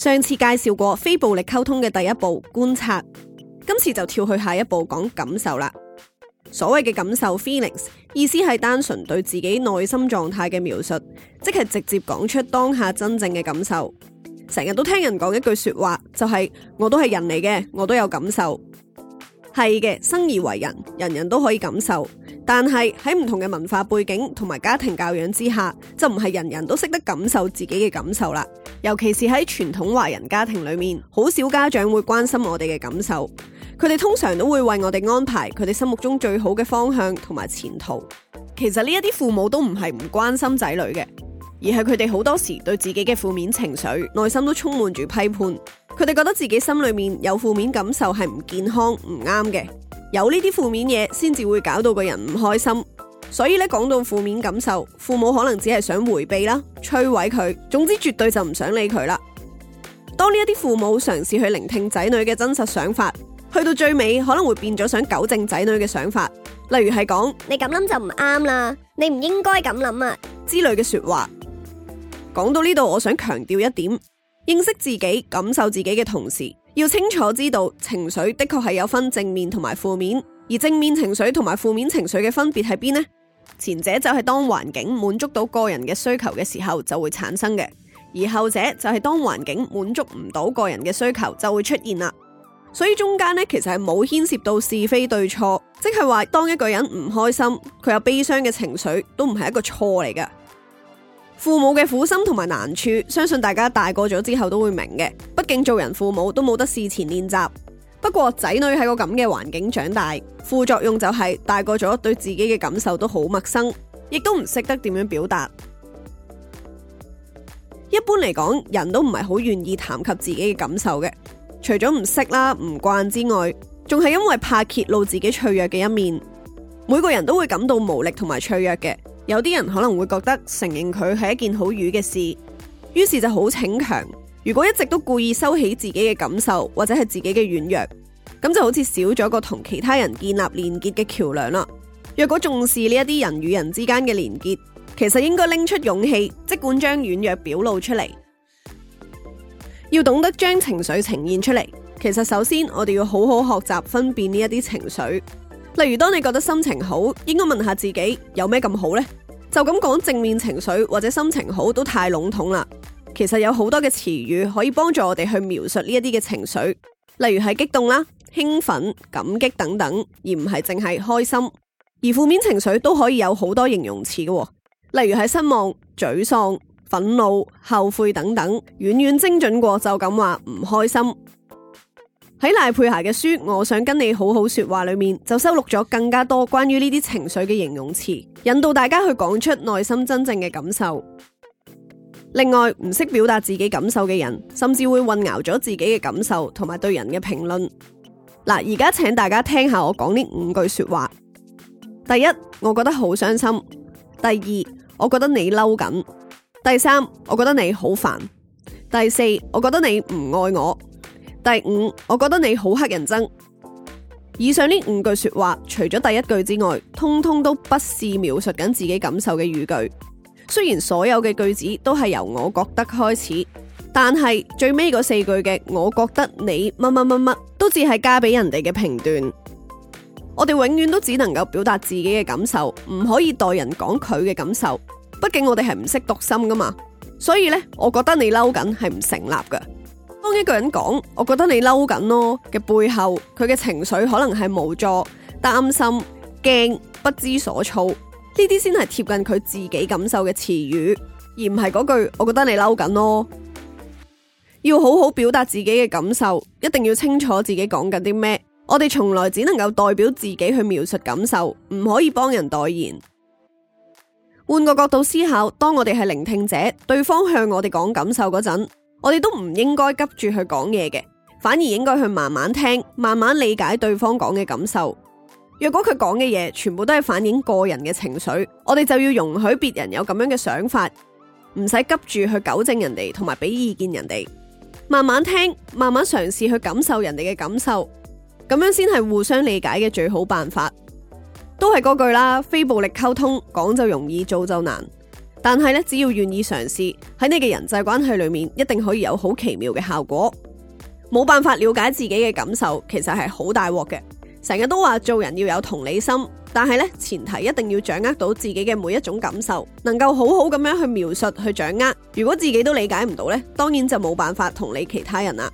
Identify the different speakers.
Speaker 1: 上次介紹過非暴力溝通嘅第一步觀察，今次就跳去下一步講感受啦。所謂嘅感受 （feelings），意思係單純對自己內心狀態嘅描述，即係直接講出當下真正嘅感受。成日都聽人講一句說話，就係我都係人嚟嘅，我都有感受。係嘅，生而為人，人人都可以感受，但係喺唔同嘅文化背景同埋家庭教養之下，就唔係人人都識得感受自己嘅感受啦。尤其是喺傳統華人家庭裏面，好少家長會關心我哋嘅感受，佢哋通常都會為我哋安排佢哋心目中最好嘅方向同埋前途。其實呢一啲父母都唔係唔關心仔女嘅，而係佢哋好多時對自己嘅負面情緒，內心都充滿住批判。佢哋覺得自己心裏面有負面感受係唔健康、唔啱嘅，有呢啲負面嘢，先至會搞到個人唔開心。所以咧，講到負面感受，父母可能只係想回避啦，摧毀佢，總之絕對就唔想理佢啦。當呢一啲父母嘗試去聆聽仔女嘅真實想法，去到最尾可能會變咗想糾正仔女嘅想法，例如係講你咁諗就唔啱啦，你唔應該咁諗啊之類嘅說話。講到呢度，我想強調一點：認識自己、感受自己嘅同時，要清楚知道情緒的確係有分正面同埋負面，而正面情緒同埋負面情緒嘅分別喺邊呢？前者就係當環境滿足到個人嘅需求嘅時候，就會產生嘅，而後者就係當環境滿足唔到個人嘅需求就會出現啦。所以中間呢，其實係冇牽涉到是非對錯，即係話當一個人唔開心，佢有悲傷嘅情緒都唔係一個錯嚟嘅。父母嘅苦心同埋難處，相信大家大個咗之後都會明嘅。畢竟做人父母都冇得事前練習。不過仔女喺個咁嘅環境長大，副作用就係大個咗，對自己嘅感受都好陌生，亦都唔識得點樣表達。一般嚟講，人都唔係好願意談及自己嘅感受嘅，除咗唔識啦、唔慣之外，仲係因為怕揭露自己脆弱嘅一面。每個人都會感到無力同埋脆弱嘅，有啲人可能會覺得承認佢係一件好瘀嘅事。於是就好逞強。如果一直都故意收起自己嘅感受，或者係自己嘅軟弱，咁就好似少咗一個同其他人建立連結嘅橋樑啦。若果重視呢一啲人與人之間嘅連結，其實應該拎出勇氣，即管將軟弱表露出嚟，要懂得將情緒呈現出嚟。其實首先我哋要好好學習分辨呢一啲情緒。例如當你覺得心情好，應該問下自己有咩咁好呢？就咁講正面情緒或者心情好都太籠統啦。其實有好多嘅詞語可以幫助我哋去描述呢一啲嘅情緒，例如係激動啦、興奮、感激等等，而唔係淨係開心。而負面情緒都可以有好多形容詞嘅，例如係失望、沮喪、憤怒、後悔等等，遠遠精準過就咁話唔開心。喺賴佩霞嘅書《我想跟你好好說話》裏面，就收錄咗更加多關於呢啲情緒嘅形容詞，引導大家去講出內心真正嘅感受。另外，唔識表達自己感受嘅人，甚至會混淆咗自己嘅感受同埋對人嘅評論。嗱，而家請大家聽下我講呢五句說話。第一，我覺得好傷心。第二，我覺得你嬲緊。第三，我覺得你好煩。第四，我覺得你唔愛我。第五，我覺得你好乞人憎。以上呢五句說話，除咗第一句之外，通通都不是描述緊自己感受嘅語句。雖然所有嘅句子都係由我覺得開始，但係最尾嗰四句嘅我覺得你乜乜乜乜都只係加俾人哋嘅評斷。我哋永遠都只能夠表達自己嘅感受，唔可以代人講佢嘅感受。畢竟我哋係唔識讀心噶嘛。所以呢，我覺得你嬲緊係唔成立噶。當一個人講我覺得你嬲緊咯嘅背後，佢嘅情緒可能係無助、擔心、驚、不知所措。呢啲先係貼近佢自己感受嘅詞語，而唔係嗰句我覺得你嬲緊咯。要好好表達自己嘅感受，一定要清楚自己講緊啲咩。我哋從來只能夠代表自己去描述感受，唔可以幫人代言。換個角度思考，當我哋係聆聽者，對方向我哋講感受嗰陣，我哋都唔應該急住去講嘢嘅，反而應該去慢慢聽，慢慢理解對方講嘅感受。若果佢講嘅嘢，全部都係反映個人嘅情緒，我哋就要容許別人有咁樣嘅想法，唔使急住去糾正人哋，同埋俾意見人哋，慢慢聽，慢慢嘗試去感受人哋嘅感受，咁樣先係互相理解嘅最好辦法。都係嗰句啦，非暴力溝通講就容易，做就難。但係咧，只要願意嘗試，喺你嘅人際關係裏面，一定可以有好奇妙嘅效果。冇辦法了解自己嘅感受，其實係好大鑊嘅。成日都話做人要有同理心，但係呢，前提一定要掌握到自己嘅每一種感受，能夠好好咁樣去描述，去掌握。如果自己都理解唔到呢，當然就冇辦法同理其他人啦。